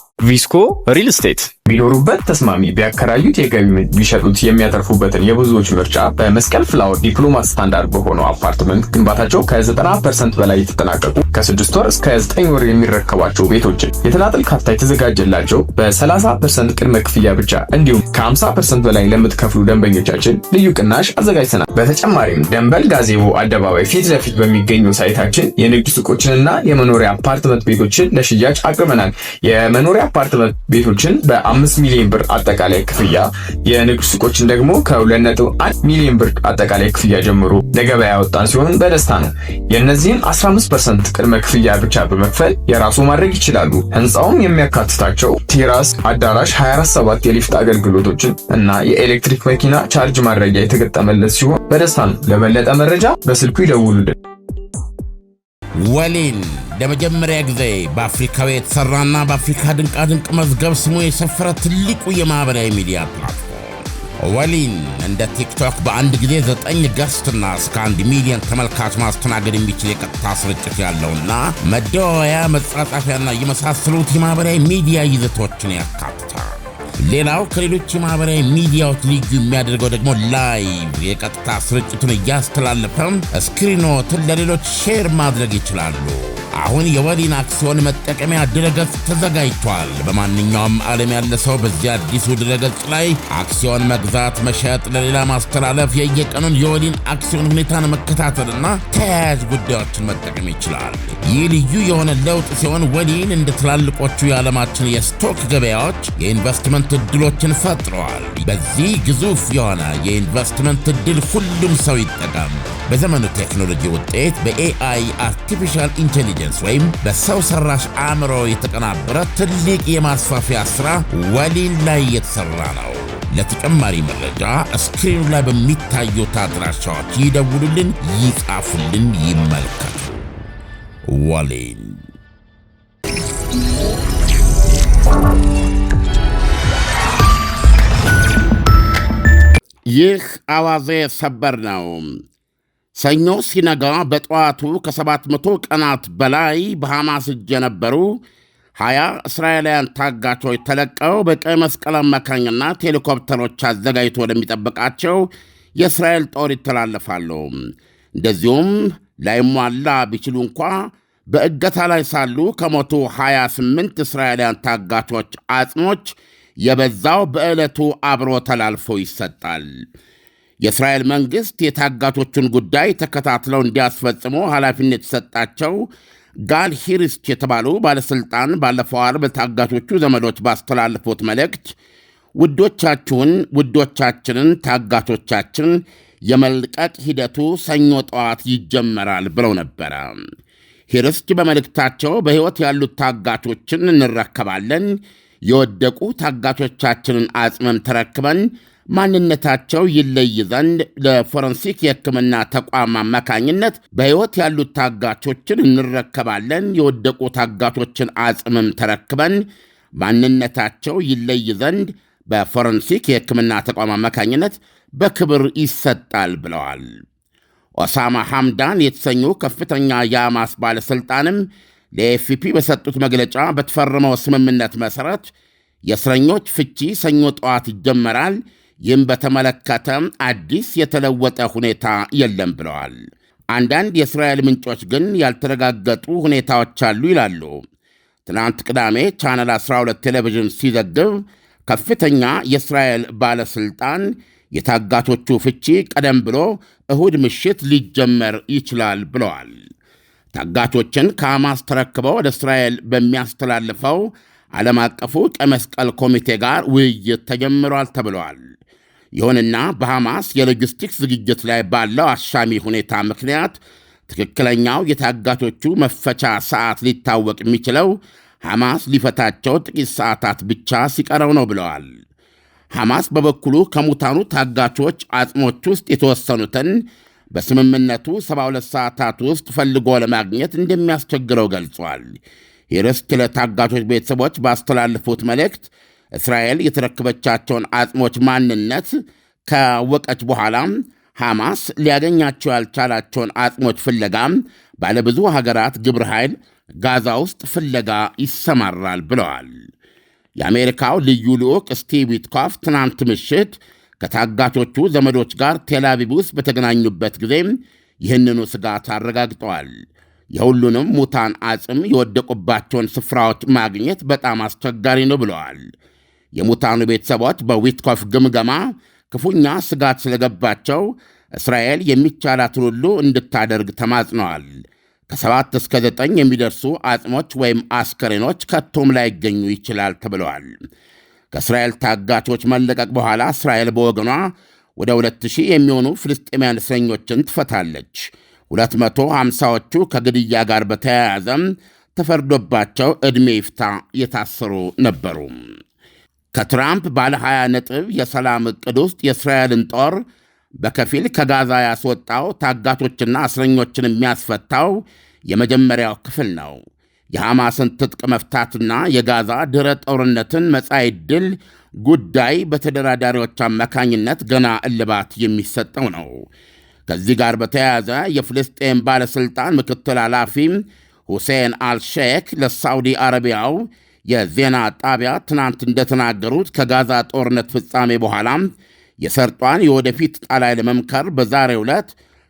あ ቪስኮ ሪል ስቴት ቢኖሩበት ተስማሚ ቢያከራዩት የገቢ ቢሸጡት የሚያተርፉበትን የብዙዎች ምርጫ በመስቀል ፍላወር ዲፕሎማት ስታንዳርድ በሆነው አፓርትመንት ግንባታቸው ከ90 ፐርሰንት በላይ የተጠናቀቁ ከ6 ወር እስከ 9 ወር የሚረከቧቸው ቤቶችን የተናጠል ካፍታ የተዘጋጀላቸው በ30 ፐርሰንት ቅድመ ክፍያ ብቻ እንዲሁም ከ50 ፐርሰንት በላይ ለምትከፍሉ ደንበኞቻችን ልዩ ቅናሽ አዘጋጅተናል። በተጨማሪም ደንበል ጋዜቦ አደባባይ ፊት ለፊት በሚገኘው ሳይታችን የንግድ ሱቆችንና የመኖሪያ አፓርትመንት ቤቶችን ለሽያጭ አቅርበናል። የመኖሪያ የአፓርትመንት ቤቶችን በ5 ሚሊዮን ብር አጠቃላይ ክፍያ የንግድ ሱቆችን ደግሞ ከ21 ሚሊዮን ብር አጠቃላይ ክፍያ ጀምሮ ለገበያ ያወጣን ሲሆን በደስታ ነው። የእነዚህን 15 ፐርሰንት ቅድመ ክፍያ ብቻ በመክፈል የራሱ ማድረግ ይችላሉ። ህንፃውም የሚያካትታቸው ቴራስ፣ አዳራሽ፣ 247 የሊፍት አገልግሎቶችን እና የኤሌክትሪክ መኪና ቻርጅ ማድረጊያ የተገጠመለት ሲሆን በደስታ ነው። ለበለጠ መረጃ በስልኩ ይደውሉልን። ወሊን ለመጀመሪያ ጊዜ በአፍሪካዊ የተሠራና በአፍሪካ ድንቃድንቅ መዝገብ ስሙ የሰፈረ ትልቁ የማኅበራዊ ሚዲያ ፕላትፎርም ወሊን እንደ ቲክቶክ በአንድ ጊዜ ዘጠኝ ገስትና እስከ አንድ ሚሊዮን ተመልካች ማስተናገድ የሚችል የቀጥታ ስርጭት ያለውና መደዋወያ፣ መጻጻፊያና የመሳሰሉት የማኅበራዊ ሚዲያ ይዘቶችን ያካትታል። ሌላው ከሌሎች የማህበራዊ ሚዲያዎች ልዩ የሚያደርገው ደግሞ ላይቭ የቀጥታ ስርጭቱን እያስተላለፈም ስክሪኖትን ለሌሎች ሼር ማድረግ ይችላሉ። አሁን የወሊን አክሲዮን መጠቀሚያ ድረገጽ ተዘጋጅቷል። በማንኛውም ዓለም ያለ ሰው በዚህ አዲሱ ድረገጽ ላይ አክሲዮን መግዛት፣ መሸጥ፣ ለሌላ ማስተላለፍ፣ የየቀኑን የወሊን አክሲዮን ሁኔታን መከታተልና ተያያዥ ጉዳዮችን መጠቀም ይችላል። ይህ ልዩ የሆነ ለውጥ ሲሆን ወሊን እንደ ትላልቆቹ የዓለማችን የስቶክ ገበያዎች የኢንቨስትመንት የኢንቨስትመንት እድሎችን ፈጥረዋል። በዚህ ግዙፍ የሆነ የኢንቨስትመንት እድል ሁሉም ሰው ይጠቀም። በዘመኑ ቴክኖሎጂ ውጤት በኤአይ አርቲፊሻል ኢንቴሊጀንስ ወይም በሰው ሰራሽ አእምሮ የተቀናበረ ትልቅ የማስፋፊያ ሥራ ወሊል ላይ የተሠራ ነው። ለተጨማሪ መረጃ እስክሪኑ ላይ በሚታዩት አድራሻዎች ይደውሉልን፣ ይጻፉልን፣ ይመልከቱ። ወሊል ይህ አዋዜ ሰበር ነው። ሰኞ ሲነጋ በጠዋቱ ከ700 ቀናት በላይ በሐማስ እጅ የነበሩ ሀያ እስራኤላውያን ታጋቾች ተለቀው በቀይ መስቀል አማካኝነት ሄሊኮፕተሮች አዘጋጅቶ ወደሚጠብቃቸው የእስራኤል ጦር ይተላለፋሉ። እንደዚሁም ላይሟላ ቢችሉ እንኳ በእገታ ላይ ሳሉ ከሞቱ 28 እስራኤላውያን ታጋቾች አጽሞች የበዛው በዕለቱ አብሮ ተላልፎ ይሰጣል። የእስራኤል መንግሥት የታጋቾቹን ጉዳይ ተከታትለው እንዲያስፈጽሙ ኃላፊነት የተሰጣቸው ጋል ሂርስት የተባሉ ባለሥልጣን ባለፈው አርብ ታጋቾቹ ዘመዶች ባስተላለፉት መልእክት ውዶቻችሁን ውዶቻችንን ታጋቾቻችን የመልቀቅ ሂደቱ ሰኞ ጠዋት ይጀመራል ብለው ነበረ። ሂርስት በመልእክታቸው በሕይወት ያሉት ታጋቾችን እንረከባለን የወደቁ ታጋቾቻችንን አጽመም ተረክበን ማንነታቸው ይለይ ዘንድ ለፎረንሲክ የሕክምና ተቋም አማካኝነት በሕይወት ያሉት ታጋቾችን እንረከባለን። የወደቁ ታጋቾችን አጽምም ተረክበን ማንነታቸው ይለይ ዘንድ በፎረንሲክ የሕክምና ተቋም አማካኝነት በክብር ይሰጣል ብለዋል። ኦሳማ ሐምዳን የተሰኙ ከፍተኛ የሐማስ ባለሥልጣንም ለኤፍፒ በሰጡት መግለጫ በተፈረመው ስምምነት መሠረት የእስረኞች ፍቺ ሰኞ ጠዋት ይጀመራል። ይህም በተመለከተ አዲስ የተለወጠ ሁኔታ የለም ብለዋል። አንዳንድ የእስራኤል ምንጮች ግን ያልተረጋገጡ ሁኔታዎች አሉ ይላሉ። ትናንት ቅዳሜ ቻናል 12 ቴሌቪዥን ሲዘግብ ከፍተኛ የእስራኤል ባለሥልጣን የታጋቾቹ ፍቺ ቀደም ብሎ እሁድ ምሽት ሊጀመር ይችላል ብለዋል። ታጋቾችን ከሐማስ ተረክበው ወደ እስራኤል በሚያስተላልፈው ዓለም አቀፉ ቀይ መስቀል ኮሚቴ ጋር ውይይት ተጀምሯል ተብለዋል። ይሁንና በሐማስ የሎጂስቲክስ ዝግጅት ላይ ባለው አሻሚ ሁኔታ ምክንያት ትክክለኛው የታጋቾቹ መፈቻ ሰዓት ሊታወቅ የሚችለው ሐማስ ሊፈታቸው ጥቂት ሰዓታት ብቻ ሲቀረው ነው ብለዋል። ሐማስ በበኩሉ ከሙታኑ ታጋቾች አጽሞች ውስጥ የተወሰኑትን በስምምነቱ 72 ሰዓታት ውስጥ ፈልጎ ለማግኘት እንደሚያስቸግረው ገልጿል። የርስክ ለታጋቾች ቤተሰቦች ባስተላለፉት መልእክት እስራኤል የተረከበቻቸውን አጽሞች ማንነት ካወቀች በኋላ ሐማስ ሊያገኛቸው ያልቻላቸውን አጽሞች ፍለጋ ባለብዙ ሀገራት ግብረ ኃይል ጋዛ ውስጥ ፍለጋ ይሰማራል ብለዋል። የአሜሪካው ልዩ ልዑክ ስቲቭ ዊትኮፍ ትናንት ምሽት ከታጋቾቹ ዘመዶች ጋር ቴልአቪቭ ውስጥ በተገናኙበት ጊዜ ይህንኑ ስጋት አረጋግጠዋል። የሁሉንም ሙታን አጽም የወደቁባቸውን ስፍራዎች ማግኘት በጣም አስቸጋሪ ነው ብለዋል። የሙታኑ ቤተሰቦች በዊትኮፍ ግምገማ ክፉኛ ስጋት ስለገባቸው እስራኤል የሚቻላትን ሁሉ እንድታደርግ ተማጽነዋል። ከሰባት እስከ ዘጠኝ የሚደርሱ አጽሞች ወይም አስከሬኖች ከቶም ላይገኙ ይችላል ተብለዋል። ከእስራኤል ታጋቾች መለቀቅ በኋላ እስራኤል በወገኗ ወደ 2,000 የሚሆኑ ፍልስጤማውያን እስረኞችን ትፈታለች። 250ዎቹ ከግድያ ጋር በተያያዘም ተፈርዶባቸው ዕድሜ ይፍታ የታሰሩ ነበሩ። ከትራምፕ ባለ 20 ነጥብ የሰላም ዕቅድ ውስጥ የእስራኤልን ጦር በከፊል ከጋዛ ያስወጣው ታጋቾችና እስረኞችን የሚያስፈታው የመጀመሪያው ክፍል ነው። የሐማስን ትጥቅ መፍታትና የጋዛ ድረ ጦርነትን መጻኢ ዕድል ጉዳይ በተደራዳሪዎች አማካኝነት ገና እልባት የሚሰጠው ነው። ከዚህ ጋር በተያያዘ የፍልስጤን ባለሥልጣን ምክትል ኃላፊም ሁሴን አልሼክ ለሳዑዲ አረቢያው የዜና ጣቢያ ትናንት እንደተናገሩት ከጋዛ ጦርነት ፍጻሜ በኋላ የሰርጧን የወደፊት ጣላይ ለመምከር በዛሬ ዕለት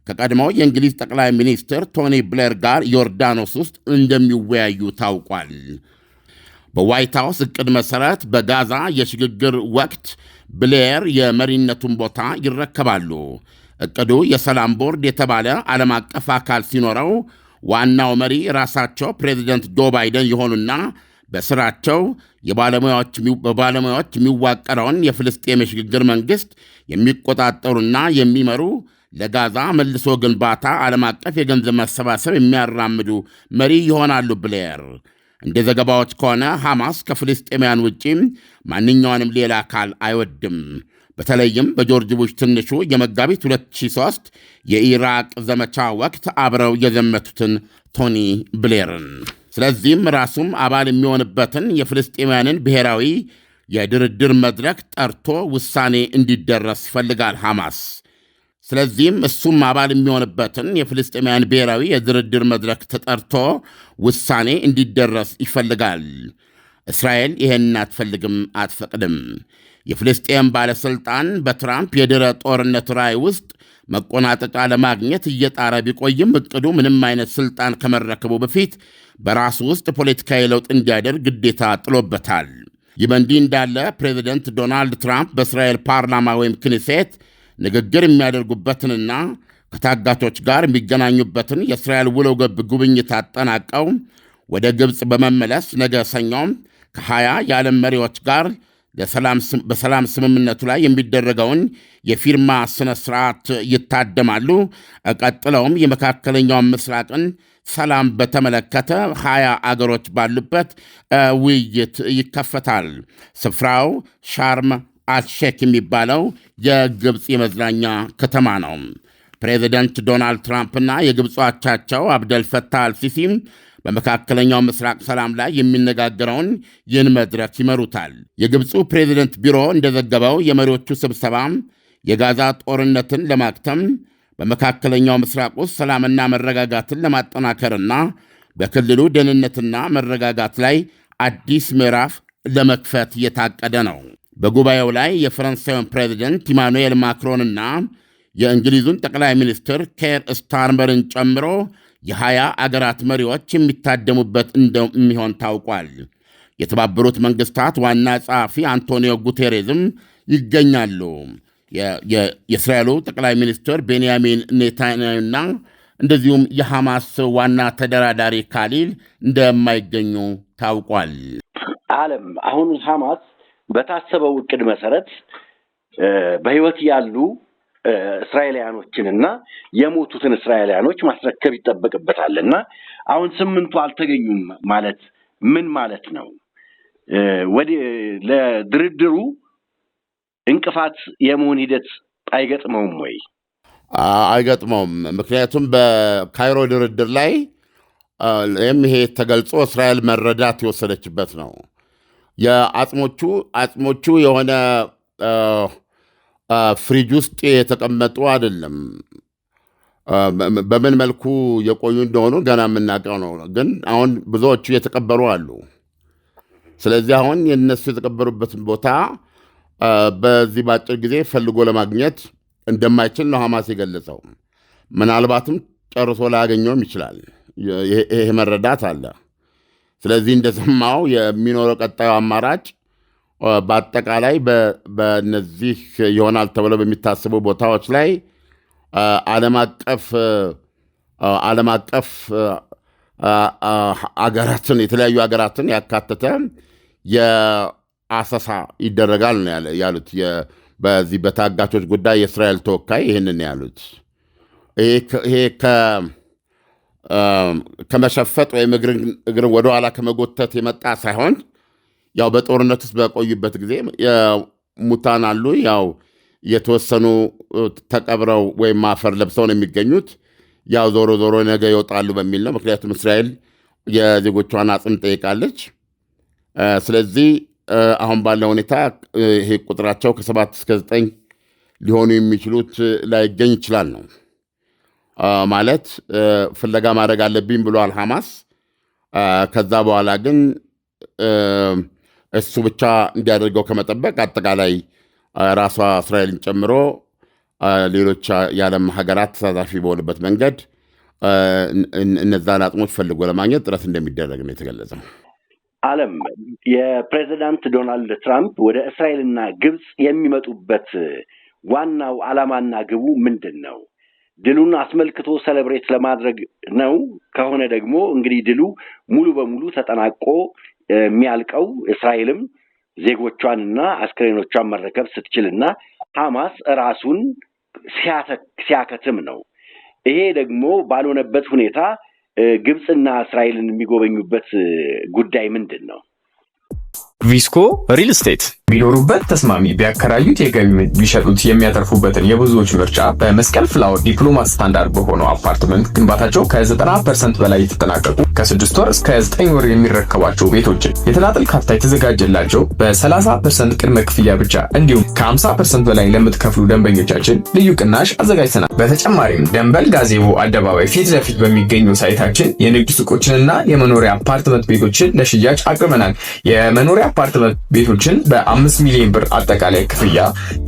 ከቀድሞው የእንግሊዝ ጠቅላይ ሚኒስትር ቶኒ ብሌር ጋር ዮርዳኖስ ውስጥ እንደሚወያዩ ታውቋል። በዋይት ሃውስ እቅድ መሠረት በጋዛ የሽግግር ወቅት ብሌር የመሪነቱን ቦታ ይረከባሉ። እቅዱ የሰላም ቦርድ የተባለ ዓለም አቀፍ አካል ሲኖረው ዋናው መሪ ራሳቸው ፕሬዚደንት ጆ ባይደን የሆኑና በስራቸው በባለሙያዎች የሚዋቀረውን የፍልስጤም የሽግግር መንግሥት የሚቆጣጠሩና የሚመሩ ለጋዛ መልሶ ግንባታ ዓለም አቀፍ የገንዘብ ማሰባሰብ የሚያራምዱ መሪ ይሆናሉ ብሌየር። እንደ ዘገባዎች ከሆነ ሐማስ ከፍልስጤማውያን ውጪ ማንኛውንም ሌላ አካል አይወድም። በተለይም በጆርጅ ቡሽ ትንሹ የመጋቢት 2003 የኢራቅ ዘመቻ ወቅት አብረው የዘመቱትን ቶኒ ብሌርን። ስለዚህም ራሱም አባል የሚሆንበትን የፍልስጤማውያንን ብሔራዊ የድርድር መድረክ ጠርቶ ውሳኔ እንዲደረስ ይፈልጋል ሐማስ። ስለዚህም እሱም አባል የሚሆንበትን የፍልስጤማውያን ብሔራዊ የድርድር መድረክ ተጠርቶ ውሳኔ እንዲደረስ ይፈልጋል። እስራኤል ይህን አትፈልግም፣ አትፈቅድም። የፍልስጤም ባለሥልጣን በትራምፕ የድረ ጦርነት ራእይ ውስጥ መቆናጠጫ ለማግኘት እየጣረ ቢቆይም እቅዱ ምንም አይነት ሥልጣን ከመረከቡ በፊት በራሱ ውስጥ ፖለቲካዊ ለውጥ እንዲያደርግ ግዴታ ጥሎበታል። ይህ በእንዲህ እንዳለ ፕሬዚደንት ዶናልድ ትራምፕ በእስራኤል ፓርላማ ወይም ክኒሴት ንግግር የሚያደርጉበትንና ከታጋቾች ጋር የሚገናኙበትን የእስራኤል ውሎ ገብ ጉብኝት አጠናቀው ወደ ግብፅ በመመለስ ነገ ሰኞም ከሀያ የዓለም መሪዎች ጋር በሰላም ስምምነቱ ላይ የሚደረገውን የፊርማ ስነ ስርዓት ይታደማሉ። ቀጥለውም የመካከለኛውን ምስራቅን ሰላም በተመለከተ ሀያ አገሮች ባሉበት ውይይት ይከፈታል። ስፍራው ሻርም አትሼክ የሚባለው የግብፅ የመዝናኛ ከተማ ነው። ፕሬዚደንት ዶናልድ ትራምፕና የግብፅ አቻቸው አብደል አልሲሲም በመካከለኛው ምስራቅ ሰላም ላይ የሚነጋገረውን ይህን መድረክ ይመሩታል። የግብፁ ፕሬዚደንት ቢሮ እንደዘገበው የመሪዎቹ ስብሰባ የጋዛ ጦርነትን ለማክተም በመካከለኛው ምስራቅ ውስጥ ሰላምና መረጋጋትን ለማጠናከርና በክልሉ ደህንነትና መረጋጋት ላይ አዲስ ምዕራፍ ለመክፈት እየታቀደ ነው። በጉባኤው ላይ የፈረንሳዩን ፕሬዚደንት ኢማኑኤል ማክሮንና የእንግሊዙን ጠቅላይ ሚኒስትር ኬር ስታርመርን ጨምሮ የሀያ አገራት መሪዎች የሚታደሙበት እንደሚሆን ታውቋል። የተባበሩት መንግሥታት ዋና ጸሐፊ አንቶኒዮ ጉቴሬዝም ይገኛሉ። የእስራኤሉ ጠቅላይ ሚኒስትር ቤንያሚን ኔታንያሁና እንደዚሁም የሐማስ ዋና ተደራዳሪ ካሊል እንደማይገኙ ታውቋል። ዓለም አሁን ሐማስ በታሰበው እቅድ መሰረት በህይወት ያሉ እስራኤላውያኖችን እና የሞቱትን እስራኤላውያኖች ማስረከብ ይጠበቅበታል እና አሁን ስምንቱ አልተገኙም ማለት ምን ማለት ነው? ለድርድሩ እንቅፋት የመሆን ሂደት አይገጥመውም ወይ? አይገጥመውም። ምክንያቱም በካይሮ ድርድር ላይ ይህም ይሄ ተገልጾ እስራኤል መረዳት የወሰደችበት ነው። የአጽሞቹ አጽሞቹ የሆነ ፍሪጅ ውስጥ የተቀመጡ አይደለም። በምን መልኩ የቆዩ እንደሆኑ ገና የምናውቀው ነው። ግን አሁን ብዙዎቹ የተቀበሩ አሉ። ስለዚህ አሁን የነሱ የተቀበሩበትን ቦታ በዚህ በአጭር ጊዜ ፈልጎ ለማግኘት እንደማይችል ነው ሐማስ የገለጸው። ምናልባትም ጨርሶ ላያገኘውም ይችላል። ይሄ መረዳት አለ። ስለዚህ እንደሰማው የሚኖረው ቀጣዩ አማራጭ በአጠቃላይ በነዚህ ይሆናል ተብለው በሚታሰቡ ቦታዎች ላይ ዓለም አቀፍ አገራትን የተለያዩ ሀገራትን ያካተተ የአሰሳ ይደረጋል ነው ያሉት። በዚህ በታጋቾች ጉዳይ የእስራኤል ተወካይ ይህንን ያሉት ይሄ ከመሸፈጥ ወይም እግርን ወደኋላ ከመጎተት የመጣ ሳይሆን ያው በጦርነት ውስጥ በቆዩበት ጊዜ ሙታን አሉ። ያው የተወሰኑ ተቀብረው ወይም አፈር ለብሰው ነው የሚገኙት። ያው ዞሮ ዞሮ ነገ ይወጣሉ በሚል ነው። ምክንያቱም እስራኤል የዜጎቿን አጽም ጠይቃለች። ስለዚህ አሁን ባለ ሁኔታ ይሄ ቁጥራቸው ከሰባት እስከ ዘጠኝ ሊሆኑ የሚችሉት ላይገኝ ይችላል ነው ማለት ፍለጋ ማድረግ አለብኝ ብሏል ሐማስ። ከዛ በኋላ ግን እሱ ብቻ እንዲያደርገው ከመጠበቅ አጠቃላይ ራሷ እስራኤልን ጨምሮ ሌሎች የዓለም ሀገራት ተሳታፊ በሆኑበት መንገድ እነዛን አጥሞች ፈልጎ ለማግኘት ጥረት እንደሚደረግ ነው የተገለጸው። ዓለም የፕሬዚዳንት ዶናልድ ትራምፕ ወደ እስራኤልና ግብፅ የሚመጡበት ዋናው ዓላማና ግቡ ምንድን ነው? ድሉን አስመልክቶ ሰለብሬት ለማድረግ ነው ከሆነ ደግሞ እንግዲህ ድሉ ሙሉ በሙሉ ተጠናቆ የሚያልቀው እስራኤልም ዜጎቿንና አስክሬኖቿን መረከብ ስትችልና ሐማስ ራሱን ሲያከትም ነው። ይሄ ደግሞ ባልሆነበት ሁኔታ ግብፅና እስራኤልን የሚጎበኙበት ጉዳይ ምንድን ነው? ቪስኮ ሪል ስቴት ቢኖሩበት ተስማሚ ቢያከራዩት የገቢ ቢሸጡት የሚያተርፉበትን የብዙዎች ምርጫ በመስቀል ፍላወር ዲፕሎማት ስታንዳርድ በሆነው አፓርትመንት ግንባታቸው ከ90 ፐርሰንት በላይ የተጠናቀቁ ከስድስት ወር እስከ ዘጠኝ ወር የሚረከቧቸው ቤቶችን የተናጠል ካፍታ የተዘጋጀላቸው በ30 ፐርሰንት ቅድመ ክፍያ ብቻ እንዲሁም ከ50 ፐርሰንት በላይ ለምትከፍሉ ደንበኞቻችን ልዩ ቅናሽ አዘጋጅተናል። በተጨማሪም ደንበል ጋዜቦ አደባባይ ፊት ለፊት በሚገኘው ሳይታችን የንግድ ሱቆችንና የመኖሪያ አፓርትመንት ቤቶችን ለሽያጭ አቅርበናል። የመኖሪያ አፓርትመንት ቤቶችን በ አምስት ሚሊዮን ብር አጠቃላይ ክፍያ፣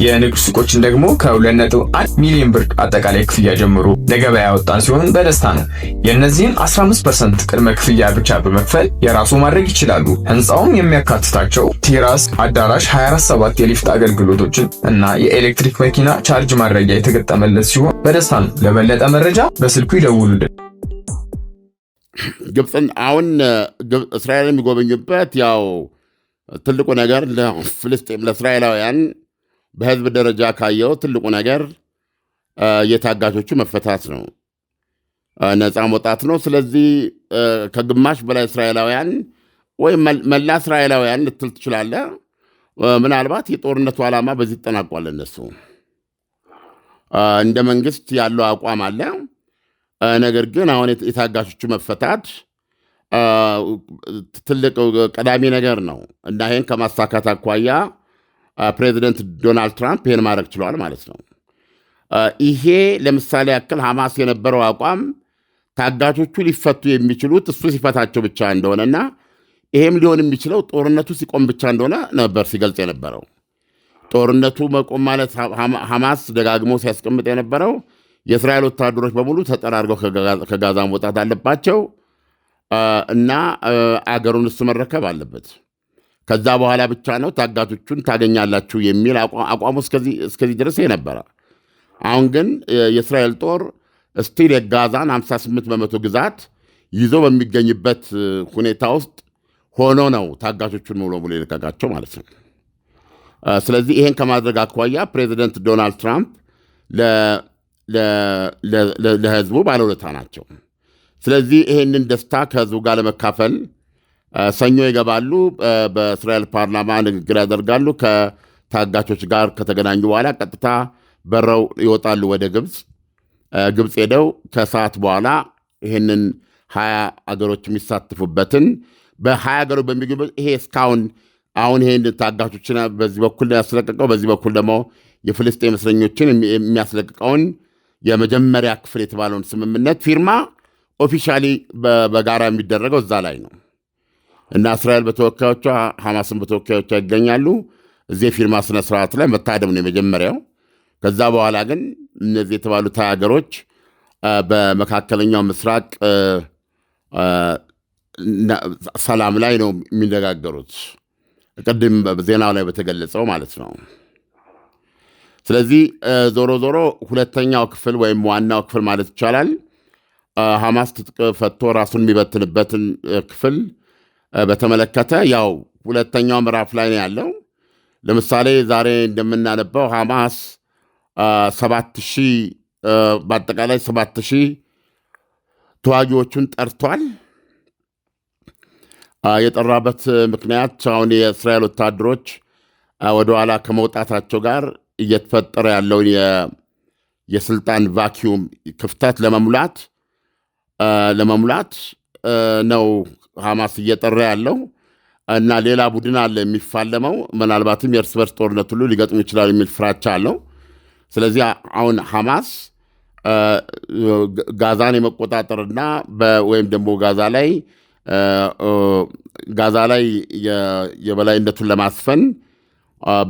የንግድ ሱቆችን ደግሞ ከ21 ሚሊዮን ብር አጠቃላይ ክፍያ ጀምሮ ለገበያ ያወጣን ሲሆን በደስታ ነው። የእነዚህን 15 ፐርሰንት ቅድመ ክፍያ ብቻ በመክፈል የራሱ ማድረግ ይችላሉ። ህንፃውም የሚያካትታቸው ቴራስ፣ አዳራሽ 247 የሊፍት አገልግሎቶችን እና የኤሌክትሪክ መኪና ቻርጅ ማድረጊያ የተገጠመለት ሲሆን በደስታ ነው። ለበለጠ መረጃ በስልኩ ይደውሉልን። ግብፅን አሁን እስራኤል የሚጎበኙበት ያው ትልቁ ነገር ለፍልስጤም ለእስራኤላውያን በህዝብ ደረጃ ካየው ትልቁ ነገር የታጋቾቹ መፈታት ነው፣ ነፃ መውጣት ነው። ስለዚህ ከግማሽ በላይ እስራኤላውያን ወይም መላ እስራኤላውያን ልትል ትችላለ። ምናልባት የጦርነቱ ዓላማ በዚህ ይጠናቋል። እነሱ እንደ መንግስት ያለው አቋም አለ። ነገር ግን አሁን የታጋቾቹ መፈታት ትልቅ ቀዳሚ ነገር ነው እና ይህን ከማሳካት አኳያ ፕሬዚደንት ዶናልድ ትራምፕ ይህን ማድረግ ችሏል ማለት ነው። ይሄ ለምሳሌ ያክል ሐማስ የነበረው አቋም ታጋቾቹ ሊፈቱ የሚችሉት እሱ ሲፈታቸው ብቻ እና ይሄም ሊሆን የሚችለው ጦርነቱ ሲቆም ብቻ እንደሆነ ነበር ሲገልጽ የነበረው። ጦርነቱ መቆም ማለት ሐማስ ደጋግሞ ሲያስቀምጥ የነበረው የእስራኤል ወታደሮች በሙሉ ተጠራርገው ከጋዛ መውጣት አለባቸው እና አገሩን እሱ መረከብ አለበት። ከዛ በኋላ ብቻ ነው ታጋቾቹን ታገኛላችሁ የሚል አቋሙ እስከዚህ ድረስ የነበረ አሁን ግን የእስራኤል ጦር ስቲል የጋዛን 58 በመቶ ግዛት ይዞ በሚገኝበት ሁኔታ ውስጥ ሆኖ ነው ታጋቾቹን ሙሉ ሙሉ የለቀቃቸው ማለት ነው። ስለዚህ ይሄን ከማድረግ አኳያ ፕሬዚደንት ዶናልድ ትራምፕ ለህዝቡ ባለውለታ ናቸው። ስለዚህ ይሄንን ደስታ ከህዝቡ ጋር ለመካፈል ሰኞ ይገባሉ። በእስራኤል ፓርላማ ንግግር ያደርጋሉ። ከታጋቾች ጋር ከተገናኙ በኋላ ቀጥታ በረው ይወጣሉ ወደ ግብፅ። ግብፅ ሄደው ከሰዓት በኋላ ይህንን ሀያ አገሮች የሚሳትፉበትን በሀያ አገሮች በሚገኙበት ይሄ እስካሁን አሁን ይሄን ታጋቾችን በዚህ በኩል ያስለቀቀው በዚህ በኩል ደግሞ የፍልስጤም እስረኞችን የሚያስለቅቀውን የመጀመሪያ ክፍል የተባለውን ስምምነት ፊርማ ኦፊሻሊ በጋራ የሚደረገው እዛ ላይ ነው እና እስራኤል በተወካዮቿ ሐማስን በተወካዮቿ ይገኛሉ። እዚህ የፊርማ ስነ ስርዓት ላይ መታደም ነው የመጀመሪያው። ከዛ በኋላ ግን እነዚህ የተባሉት ሀገሮች በመካከለኛው ምስራቅ ሰላም ላይ ነው የሚነጋገሩት፣ ቅድም ዜናው ላይ በተገለጸው ማለት ነው። ስለዚህ ዞሮ ዞሮ ሁለተኛው ክፍል ወይም ዋናው ክፍል ማለት ይቻላል ሐማስ ትጥቅ ፈቶ ራሱን የሚበትንበትን ክፍል በተመለከተ ያው ሁለተኛው ምዕራፍ ላይ ነው ያለው። ለምሳሌ ዛሬ እንደምናነበው ሐማስ ሰባት ሺህ በአጠቃላይ ሰባት ሺህ ተዋጊዎቹን ጠርቷል። የጠራበት ምክንያት አሁን የእስራኤል ወታደሮች ወደኋላ ከመውጣታቸው ጋር እየተፈጠረ ያለውን የስልጣን ቫኪዩም ክፍተት ለመሙላት ለመሙላት ነው ሐማስ እየጠራ ያለው እና ሌላ ቡድን አለ የሚፋለመው ምናልባትም የእርስ በርስ ጦርነት ሁሉ ሊገጥሙ ይችላሉ የሚል ፍራቻ አለው። ስለዚህ አሁን ሐማስ ጋዛን የመቆጣጠርና ወይም ደግሞ ጋዛ ላይ ጋዛ ላይ የበላይነቱን ለማስፈን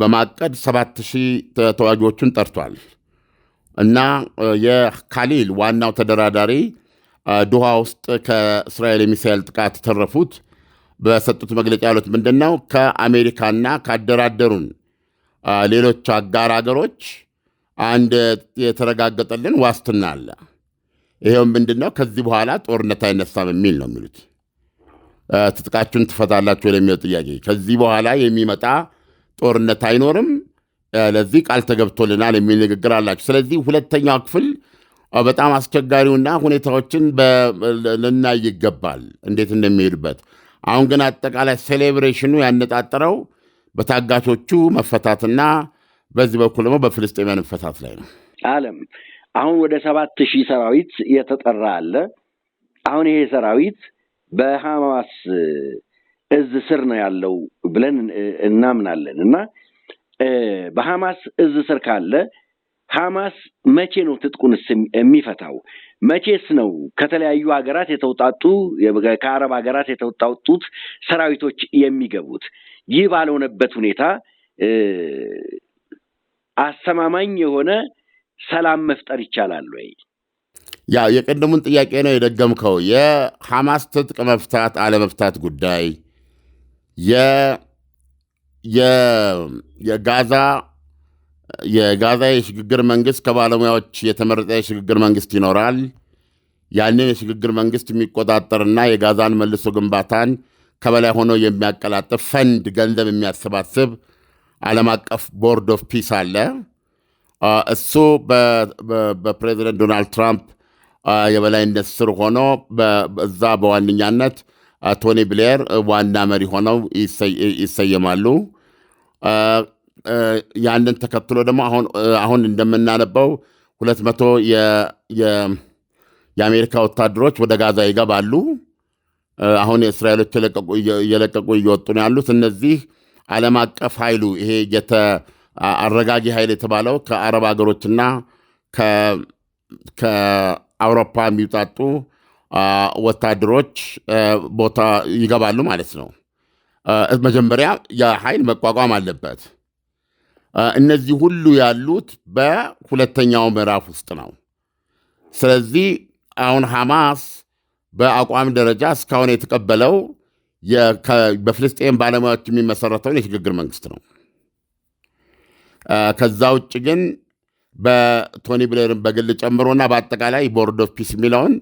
በማቀድ ሰባት ሺህ ተዋጊዎቹን ጠርቷል እና የካሊል ዋናው ተደራዳሪ ዱሃ ውስጥ ከእስራኤል የሚሳኤል ጥቃት የተረፉት በሰጡት መግለጫ ያሉት ምንድን ነው? ከአሜሪካና ካደራደሩን ሌሎች አጋር ሀገሮች አንድ የተረጋገጠልን ዋስትና አለ። ይሄውም ምንድን ነው? ከዚህ በኋላ ጦርነት አይነሳም የሚል ነው የሚሉት። ትጥቃችሁን ትፈታላችሁ ለሚለው ጥያቄ ከዚህ በኋላ የሚመጣ ጦርነት አይኖርም፣ ለዚህ ቃል ተገብቶልናል የሚል ንግግር አላቸው። ስለዚህ ሁለተኛው ክፍል በጣም አስቸጋሪውና ሁኔታዎችን ልናይ ይገባል እንዴት እንደሚሄድበት። አሁን ግን አጠቃላይ ሴሌብሬሽኑ ያነጣጠረው በታጋቾቹ መፈታትና በዚህ በኩል ደግሞ በፍልስጤሚያን መፈታት ላይ ነው። አለም አሁን ወደ ሰባት ሺህ ሰራዊት የተጠራ አለ። አሁን ይሄ ሰራዊት በሐማስ እዝ ስር ነው ያለው ብለን እናምናለን እና በሐማስ እዝ ስር ካለ ሐማስ መቼ ነው ትጥቁንስ የሚፈታው? መቼስ ነው ከተለያዩ ሀገራት የተውጣጡ ከአረብ ሀገራት የተውጣጡት ሰራዊቶች የሚገቡት? ይህ ባልሆነበት ሁኔታ አስተማማኝ የሆነ ሰላም መፍጠር ይቻላል ወይ? ያ የቀደሙን ጥያቄ ነው የደገምከው። የሐማስ ትጥቅ መፍታት አለመፍታት ጉዳይ የጋዛ የጋዛ የሽግግር መንግስት ከባለሙያዎች የተመረጠ የሽግግር መንግስት ይኖራል። ያንን የሽግግር መንግስት የሚቆጣጠርና የጋዛን መልሶ ግንባታን ከበላይ ሆኖ የሚያቀላጥፍ ፈንድ ገንዘብ የሚያሰባስብ ዓለም አቀፍ ቦርድ ኦፍ ፒስ አለ። እሱ በፕሬዚደንት ዶናልድ ትራምፕ የበላይነት ስር ሆኖ እዛ በዋነኛነት ቶኒ ብሌር ዋና መሪ ሆነው ይሰየማሉ። ያንን ተከትሎ ደግሞ አሁን እንደምናነበው ሁለት መቶ የአሜሪካ ወታደሮች ወደ ጋዛ ይገባሉ። አሁን የእስራኤሎች እየለቀቁ እየወጡ ነው ያሉት። እነዚህ ዓለም አቀፍ ኃይሉ ይሄ አረጋጊ ኃይል የተባለው ከአረብ ሀገሮችና ከአውሮፓ የሚውጣጡ ወታደሮች ቦታ ይገባሉ ማለት ነው። መጀመሪያ የኃይል መቋቋም አለበት። እነዚህ ሁሉ ያሉት በሁለተኛው ምዕራፍ ውስጥ ነው። ስለዚህ አሁን ሐማስ በአቋም ደረጃ እስካሁን የተቀበለው በፍልስጤን ባለሙያዎች የሚመሰረተውን የሽግግር መንግስት ነው። ከዛ ውጭ ግን በቶኒ ብሌርን በግል ጨምሮና በአጠቃላይ ቦርድ ኦፍ ፒስ የሚለውን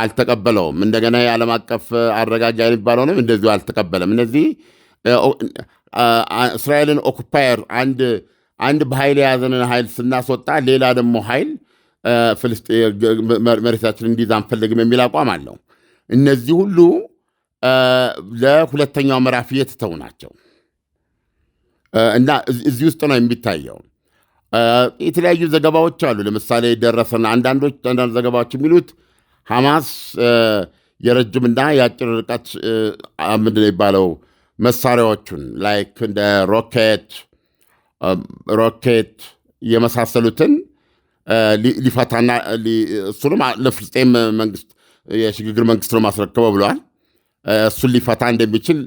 አልተቀበለውም። እንደገና የዓለም አቀፍ አረጋጊ የሚባለውንም እንደዚሁ አልተቀበለም። እነዚህ እስራኤልን ኦኩፓየር አንድ አንድ በኃይል የያዘንን ኃይል ስናስወጣ ሌላ ደግሞ ኃይል መሬታችን እንዲይዝ አንፈልግም የሚል አቋም አለው። እነዚህ ሁሉ ለሁለተኛው ምዕራፍ የትተው ናቸው እና እዚህ ውስጥ ነው የሚታየው። የተለያዩ ዘገባዎች አሉ። ለምሳሌ ደረሰን አንዳንዶች አንዳንድ ዘገባዎች የሚሉት ሐማስ የረጅምና የአጭር ርቀት ምንድን ነው የሚባለው መሳሪያዎቹን ላይክ እንደ ሮኬት ሮኬት um, የመሳሰሉትን uh, ሊፈታና እሱንም ለፍልስጤም መንግስት የሽግግር መንግስት ነው ማስረከበው ብለዋል። uh, እሱን ሊፈታ እንደሚችል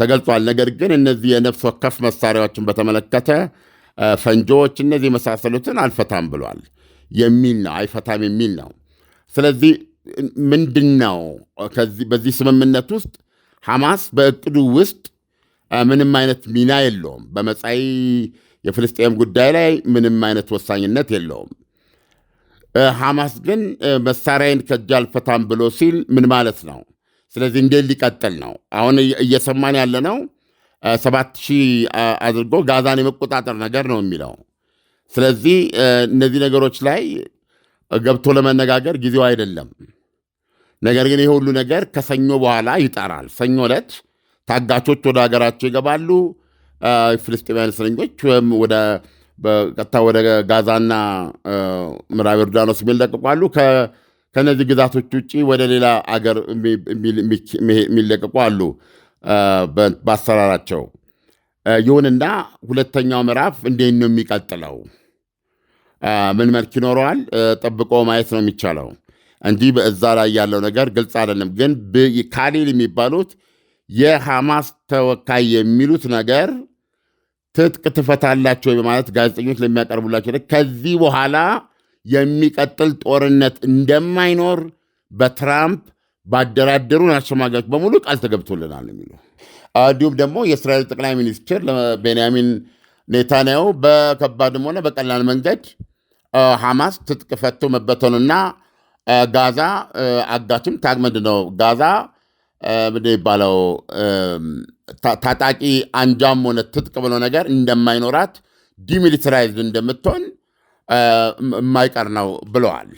ተገልጿል። ነገር ግን እነዚህ የነፍስ ወከፍ መሳሪያዎችን በተመለከተ uh, ፈንጂዎች፣ እነዚህ የመሳሰሉትን አልፈታም ብለዋል የሚል ነው አይፈታም የሚል ነው። ስለዚህ ምንድን ነው በዚህ ስምምነት ውስጥ ሐማስ በእቅዱ ውስጥ ምንም አይነት ሚና የለውም። በመጻኢ የፍልስጤም ጉዳይ ላይ ምንም አይነት ወሳኝነት የለውም። ሐማስ ግን መሳሪያዬን ከእጅ አልፈታም ብሎ ሲል ምን ማለት ነው? ስለዚህ እንዴት ሊቀጥል ነው? አሁን እየሰማን ያለ ነው ሰባት ሺህ አድርጎ ጋዛን የመቆጣጠር ነገር ነው የሚለው። ስለዚህ እነዚህ ነገሮች ላይ ገብቶ ለመነጋገር ጊዜው አይደለም። ነገር ግን ይህ ሁሉ ነገር ከሰኞ በኋላ ይጠራል። ሰኞ ዕለት ታጋቾች ወደ ሀገራቸው ይገባሉ። ፍልስጤማውያን እስረኞች ወይም ወደ ቀጥታ ወደ ጋዛና ምዕራብ ዮርዳኖስ የሚለቀቋሉ። ከነዚህ ግዛቶች ውጭ ወደ ሌላ አገር የሚለቀቁ አሉ በአሰራራቸው። ይሁንና ሁለተኛው ምዕራፍ እንዴት ነው የሚቀጥለው? ምን መልክ ይኖረዋል? ጠብቆ ማየት ነው የሚቻለው። እንዲህ በእዛ ላይ ያለው ነገር ግልጽ አይደለም። ግን ካሊል የሚባሉት የሐማስ ተወካይ የሚሉት ነገር ትጥቅ ትፈታላቸው በማለት ጋዜጠኞች ለሚያቀርቡላቸው ከዚህ በኋላ የሚቀጥል ጦርነት እንደማይኖር በትራምፕ ባደራደሩ አሸማጊዎች በሙሉ ቃል ተገብቶልናል የሚሉ እንዲሁም ደግሞ የእስራኤል ጠቅላይ ሚኒስትር ቤንያሚን ኔታንያሁ በከባድም ሆነ በቀላል መንገድ ሐማስ ትጥቅ ፈቶ መበተኑና ጋዛ አጋችም ታግመድ ነው ጋዛ ምንድን የሚባለው ታጣቂ አንጃም ሆነ ትጥቅ ብሎ ነገር እንደማይኖራት ዲሚሊተራይዝድ እንደምትሆን የማይቀር ነው ብለዋል።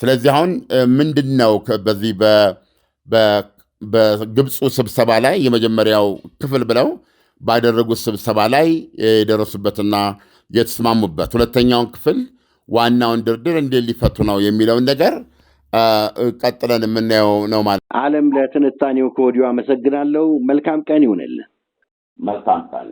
ስለዚህ አሁን ምንድን ነው በዚህ በግብፁ ስብሰባ ላይ የመጀመሪያው ክፍል ብለው ባደረጉት ስብሰባ ላይ የደረሱበትና የተስማሙበት ሁለተኛውን ክፍል ዋናውን ድርድር እንዴት ሊፈቱ ነው የሚለውን ነገር ቀጥለን የምናየው ነው ማለት አለም ለትንታኔው ከወዲሁ አመሰግናለሁ። መልካም ቀን ይሁንልን። መልካም ቀን።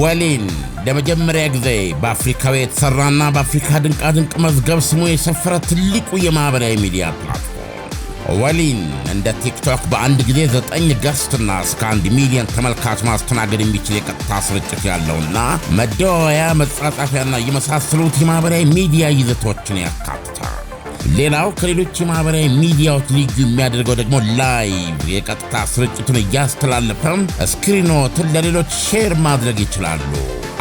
ወሊን ለመጀመሪያ ጊዜ በአፍሪካዊ የተሰራና በአፍሪካ ድንቃድንቅ መዝገብ ስሙ የሰፈረ ትልቁ የማህበራዊ ሚዲያ ፕላትፎርም ወሊን እንደ ቲክቶክ በአንድ ጊዜ ዘጠኝ ገስትና እስከ አንድ ሚሊዮን ተመልካች ማስተናገድ የሚችል የቀጥታ ስርጭት ያለውና መደዋወያ፣ መጻጻፊያና የመሳሰሉት የማህበራዊ ሚዲያ ይዘቶችን ያካትታል። ሌላው ከሌሎች የማህበራዊ ሚዲያዎች ልዩ የሚያደርገው ደግሞ ላይቭ የቀጥታ ስርጭቱን እያስተላለፈም ስክሪኖትን ለሌሎች ሼር ማድረግ ይችላሉ።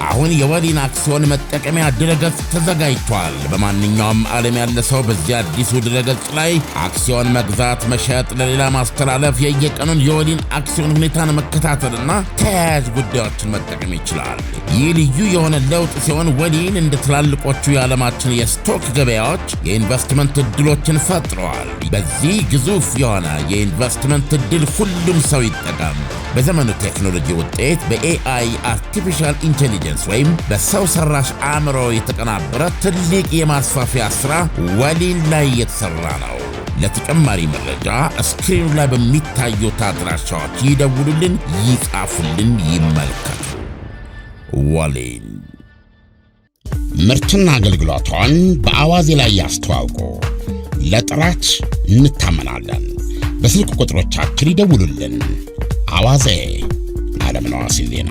አሁን የወሊን አክሲዮን መጠቀሚያ ድረገጽ ተዘጋጅቷል። በማንኛውም ዓለም ያለ ሰው በዚህ አዲሱ ድረገጽ ላይ አክሲዮን መግዛት፣ መሸጥ፣ ለሌላ ማስተላለፍ፣ የየቀኑን የወሊን አክሲዮን ሁኔታን መከታተልና ተያያዥ ጉዳዮችን መጠቀም ይችላል። ይህ ልዩ የሆነ ለውጥ ሲሆን ወሊን እንደ ትላልቆቹ የዓለማችን የስቶክ ገበያዎች የኢንቨስትመንት እድሎችን ፈጥረዋል። በዚህ ግዙፍ የሆነ የኢንቨስትመንት እድል ሁሉም ሰው ይጠቀም። በዘመኑ ቴክኖሎጂ ውጤት በኤአይ አርቲፊሻል ኢንቴሊጀንስ ሳይንስ ወይም በሰው ሰራሽ አእምሮ የተቀናበረ ትልቅ የማስፋፊያ ሥራ ወሊል ላይ የተሠራ ነው። ለተጨማሪ መረጃ እስክሪኑ ላይ በሚታዩት አድራሻዎች ይደውሉልን፣ ይጻፉልን፣ ይመልከቱ። ወሊል ምርትና አገልግሎቷን በአዋዜ ላይ ያስተዋውቁ። ለጥራች እንታመናለን። በስልክ ቁጥሮቻችን ይደውሉልን። አዋዜ አለምነህ ዋሴ ዜና